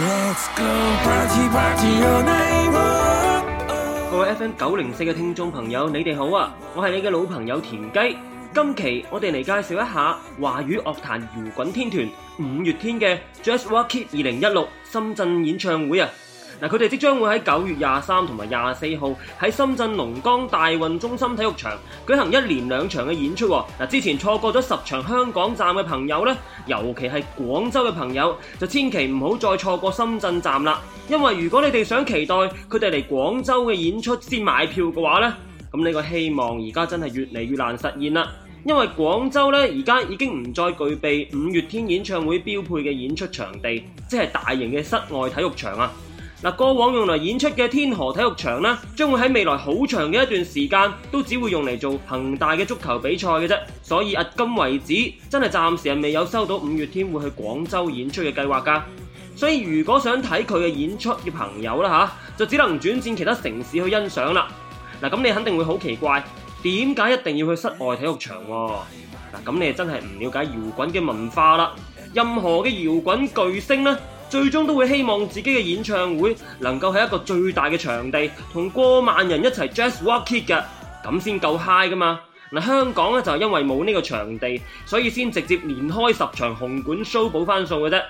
Let's go, party, party, your oh、各位 FM 九零四嘅聽眾朋友，你哋好啊！我係你嘅老朋友田雞，今期我哋嚟介紹一下華語樂壇搖滾天團五月天嘅 Just Rock It 二零一六深圳演唱會啊！佢哋即將會喺九月廿三同埋廿四號喺深圳龍崗大運中心體育場舉行一連兩場嘅演出。嗱，之前錯過咗十場香港站嘅朋友咧，尤其係廣州嘅朋友就千祈唔好再錯過深圳站啦。因為如果你哋想期待佢哋嚟廣州嘅演出先買票嘅話咧，咁呢個希望而家真係越嚟越難實現啦。因為廣州咧而家已經唔再具備五月天演唱會標配嘅演出場地，即係大型嘅室外體育場啊。嗱，過往用嚟演出嘅天河體育場呢，將會喺未來好長嘅一段時間都只會用嚟做恒大嘅足球比賽嘅啫，所以迄今為止真係暫時係未有收到五月天會去廣州演出嘅計劃噶。所以如果想睇佢嘅演出嘅朋友啦嚇，就只能轉戰其他城市去欣賞啦。嗱，咁你肯定會好奇怪，點解一定要去室外體育場喎？嗱，咁你真係唔了解搖滾嘅文化啦。任何嘅搖滾巨星呢。最終都會希望自己嘅演唱會能夠喺一個最大嘅場地同過萬人一齊 jazz walk it 噶，咁先夠 high 噶嘛？香港咧就係因為冇呢個場地，所以先直接連開十場紅館 show 補翻數嘅啫。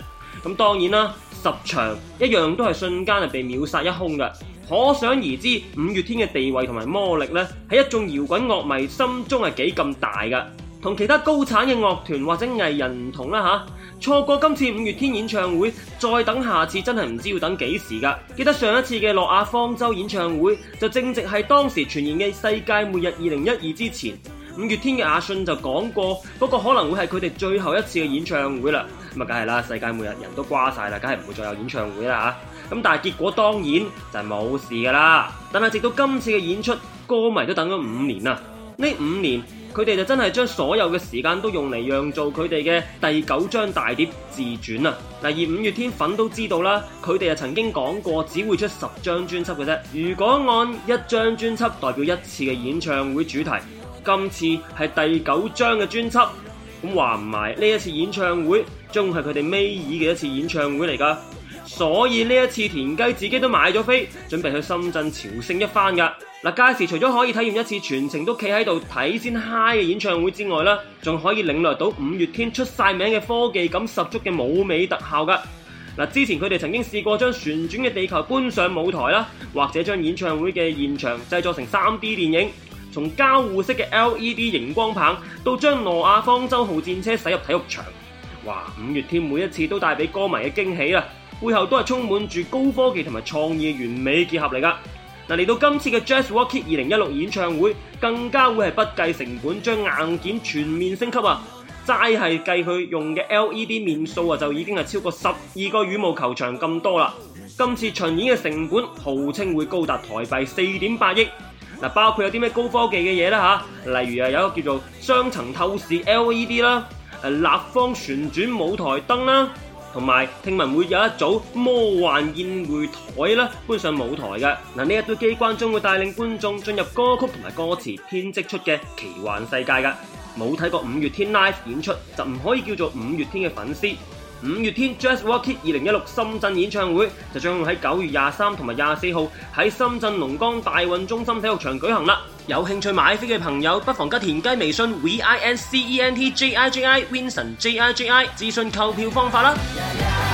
咁當然啦，十場一樣都係瞬間就被秒殺一空噶。可想而知，五月天嘅地位同埋魔力咧，喺一眾搖滾樂迷心中係幾咁大噶。同其他高產嘅樂團或者藝人唔同啦嚇，錯過今次五月天演唱會，再等下次真係唔知要等幾時噶。記得上一次嘅諾亞方舟演唱會就正值係當時傳言嘅世界末日二零一二之前，五月天嘅阿信就講過，不過可能會係佢哋最後一次嘅演唱會啦。咁啊，梗係啦，世界末日人都瓜晒啦，梗係唔會再有演唱會啦啊！咁但係結果當然就係冇事噶啦。但係直到今次嘅演出，歌迷都等咗五年啦，呢五年，佢哋就真係將所有嘅時間都用嚟，讓做佢哋嘅第九張大碟自傳啊！而五月天粉都知道啦，佢哋曾經講過只會出十張專輯嘅啫。如果按一張專輯代表一次嘅演唱會主題，今次係第九張嘅專輯，咁話唔埋呢一次演唱會，仲係佢哋尾爾嘅一次演唱會嚟㗎。所以呢一次田雞自己都買咗飛，準備去深圳朝聖一番㗎。嗱，屆時除咗可以體驗一次全程都企喺度睇先 high 嘅演唱會之外啦，仲可以領略到五月天出晒名嘅科技感十足嘅舞美特效㗎。之前佢哋曾經試過將旋轉嘅地球搬上舞台，或者將演唱會嘅現場製作成 3D 電影，從交互式嘅 LED 熒光棒到將諾亞方舟號戰車駛入體育場，哇！五月天每一次都帶俾歌迷嘅驚喜啊，背後都係充滿住高科技同埋創意嘅完美結合嚟㗎。嗱，嚟到今次嘅 Just Rock It 二零一六演唱會，更加會係不計成本將硬件全面升級啊！齋係計佢用嘅 LED 面數啊，就已經係超過十二個羽毛球場咁多啦！今次巡演嘅成本號稱會高達台幣四點八億。嗱，包括有啲咩高科技嘅嘢咧嚇，例如啊，有一個叫做雙層透視 LED 啦，立方旋轉舞台燈啦。同埋，聽聞會有一組魔幻宴會台啦，搬上舞台嘅呢一堆機關將會帶領觀眾進入歌曲同埋歌詞編織出嘅奇幻世界㗎。冇睇過五月天 Live 演出就唔可以叫做五月天嘅粉絲。五月天 Just Walk It 二零一六深圳演唱會就將會喺九月廿三同埋廿四號喺深圳龍崗大運中心體育場舉行啦！有興趣買飛嘅朋友，不妨加田雞微信 v i n c e n t j i G i vincent j i G i 諮詢購票方法啦！